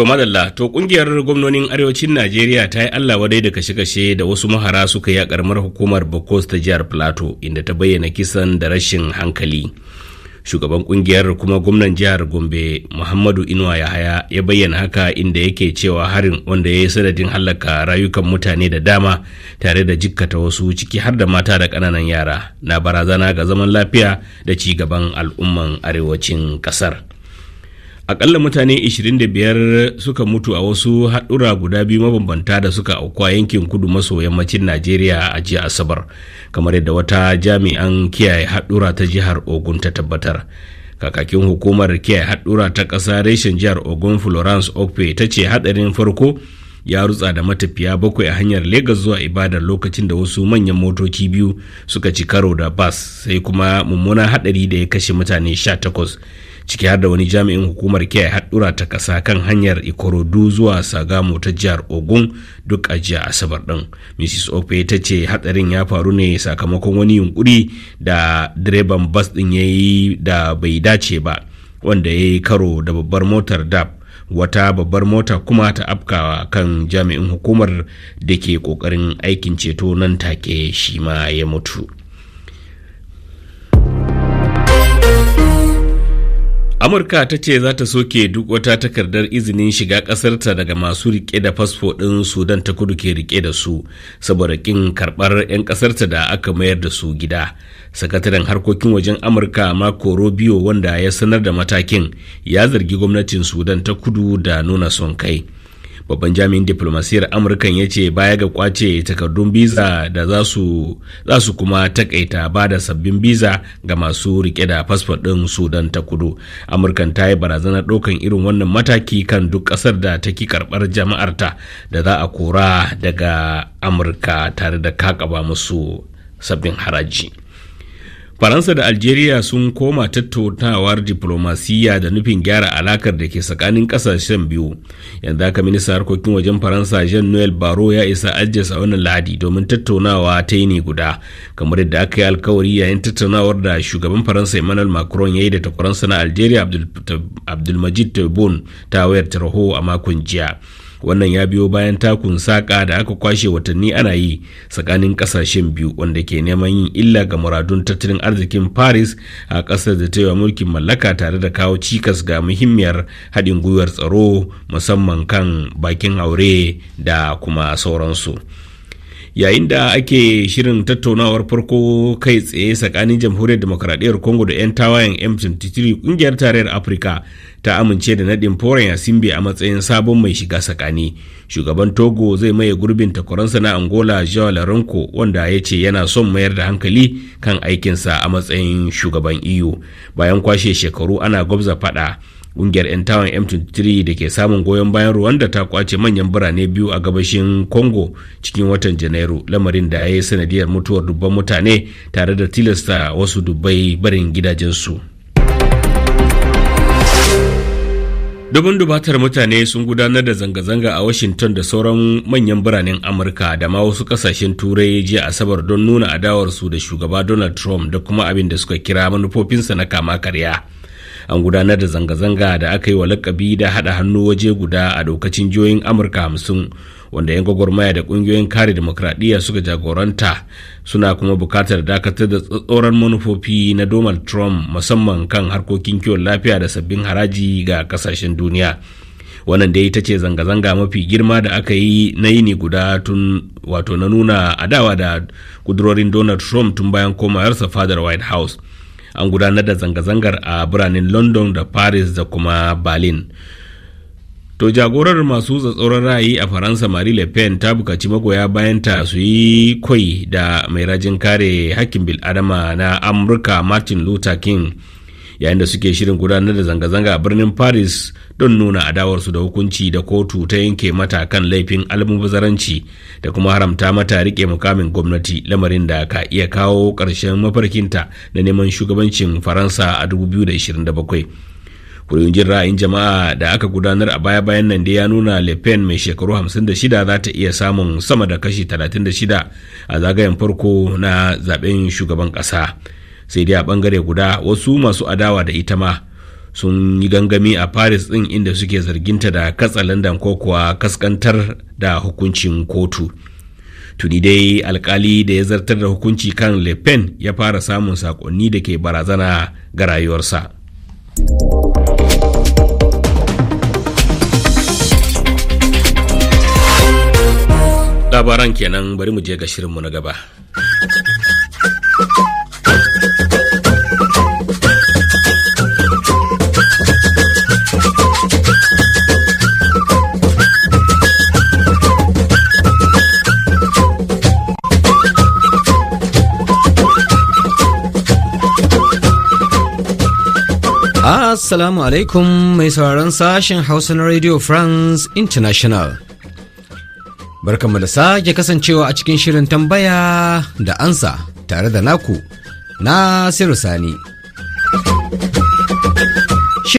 To madalla to kungiyar gwamnonin arewacin Najeriya ta yi Allah wadai da kashe-kashe da wasu mahara suka yi a karamar hukumar Bokos ta jihar Plateau inda ta bayyana kisan da rashin hankali. Shugaban kungiyar kuma gwamnan jihar Gombe Muhammadu Inuwa Yahaya ya bayyana haka inda yake cewa harin wanda ya yi sanadin hallaka rayukan mutane da dama tare da jikkata wasu ciki har da mata da ƙananan yara na barazana ga zaman lafiya da ci gaban al'umman arewacin ƙasar. akalla mutane 25 suka mutu a wasu haɗura guda biyu mabambanta da suka aukuwa yankin kudu maso yammacin najeriya a jiya asabar kamar yadda wata jami'an kiyaye haɗura ta jihar ogun ta tabbatar kakakin hukumar kiyaye haɗura ta ƙasa reshen jihar ogun florence okpe ta ce haɗarin farko ya rutsa da matafiya bakwai a hanyar Legas zuwa Ibadan lokacin da wasu manyan motoci biyu suka ci karo da bas sai kuma mummunan hadari da ya kashe mutane 18 ciki har da wani jami'in hukumar kiyaye haɗura ta ƙasa kan hanyar ikorodu zuwa sagamo ta jihar ogun duk a jiya asabar ɗin mrs ope ta ce hatsarin ya faru ne sakamakon wani yunkuri da direban bas ɗin ya yi da bai dace ba wanda ya yi karo da babbar motar dab wata babbar mota kuma ta afkawa kan jami'in hukumar da ke kokarin aikin ceto nan take shi ma ya mutu amurka ta ce za ta soke duk wata takardar izinin shiga ƙasarta daga masu rike da fasfo ɗin sudan ta kudu ke rike da su saboda ƙin karɓar 'yan ƙasarta da aka mayar da su gida sakataren harkokin wajen amurka marco rubio wanda ya sanar da matakin ya zargi gwamnatin sudan ta kudu da nuna son kai babban jami'in diplomasiyar amurkan ya ce baya ga kwace takardun biza da za su kuma takaita ba da sabbin biza ga masu rike da fasfo ɗin sudan ta kudu amurkan ta yi barazanar ɗaukan irin wannan mataki kan duk ƙasar da ta ki karɓar jama'arta da za a kora daga amurka tare da kakaba musu sabbin haraji Faransa da Algeria sun koma tattaunawar diplomasiyya da nufin gyara alakar da ke tsakanin kasashen biyu. Yanzu haka minista harkokin wajen Faransa Jean-Noel barrow ya isa Algiers a wannan Lahadi domin tattaunawa ta yi ne guda, kamar yadda aka yi alkawari yayin tattaunawar da shugaban Faransa Emmanuel Macron ya yi da takwaransa na Algeria Abdulmajid Tebboune ta wayar tarho a makon jiya. wannan ya biyo bayan takun saƙa da aka kwashe watanni ana yi tsakanin ƙasashen biyu wanda ke neman yin illa ga muradun tattalin arzikin paris a ƙasar da ta yi wa mulkin mallaka tare da kawo cikas ga muhimmiyar haɗin gwiwar tsaro musamman kan bakin aure da kuma sauransu. yayin da ake shirin tattaunawar farko kai tsaye tsakanin jamhuriyar demokradiyyar congo da 'yan tawayen m23 kungiyar tarayyar afirka ta amince da nadin foren yasimbi a matsayin sabon mai shiga tsakani shugaban togo zai maye gurbin takwaransa na angola joao laronko wanda ya ce yana son mayar da hankali kan aikinsa a matsayin shugaban eu bayan kwashe shekaru ana gwabza fada ƙungiyar 'yan tawon m23 da ke samun goyon bayan rwanda ta kwace manyan birane biyu a gabashin congo cikin watan janairu lamarin da ya yi sanadiyar mutuwar dubban mutane tare da tilasta wasu dubbai barin gidajensu dubin dubatar mutane sun gudanar da zanga-zanga a washington da sauran manyan biranen amurka da ma wasu kasashen turai jiya asabar don nuna adawarsu da shugaba donald trump da kuma abin da suka kira manufofinsa na kama karya an gudanar da zanga-zanga da aka yi wa lakabi da haɗa hannu waje guda a lokacin jihohin amurka hamsin wanda 'yan gwagwarmaya da ƙungiyoyin kare demokradiyya suka jagoranta suna kuma bukatar dakatar da tsatsoron manufofi na donald trump musamman kan harkokin kiwon lafiya da sabbin haraji ga kasashen duniya wannan da ita ce zanga-zanga mafi girma da aka yi na yini guda tun wato na nuna adawa da kudurorin donald trump tun bayan komayarsa fadar white house an gudanar da zanga-zangar a biranen london da paris da kuma berlin to jagorar masu tsatsauran ra'ayi a faransa marie le pen ta bukaci magoya bayanta su yi kwai da mai rajin kare hakkin bil'adama na amurka martin luther king yayin da suke shirin gudanar da zanga-zanga a birnin paris don nuna adawarsu da hukunci da kotu ta yanke mata kan laifin almubazaranci da kuma haramta mata rike mukamin gwamnati lamarin da ka iya kawo ƙarshen mafarkinta na neman shugabancin faransa a 2027 kuriyun jin ra'ayin jama'a da aka gudanar a baya-bayan nan da ya nuna le pen mai shekaru 56 za ta iya samun sama da kashi 36 a zagayen farko na zaben shugaban kasa. sai dai a bangare guda wasu masu adawa da ita ma sun yi gangami a paris din inda suke zarginta da katsalandan ko kuwa kaskantar da hukuncin kotu tuni dai alkali da ya zartar da hukunci kan le pen ya fara samun sakonni da ke barazana ga rayuwarsa labaran kenan bari mu je ga shirinmu na gaba Assalamu alaikum mai sauraron sashen Hausa na Radio France International. Barkanmu da sake kasancewa a cikin shirin tambaya da ansa tare da naku na Sani.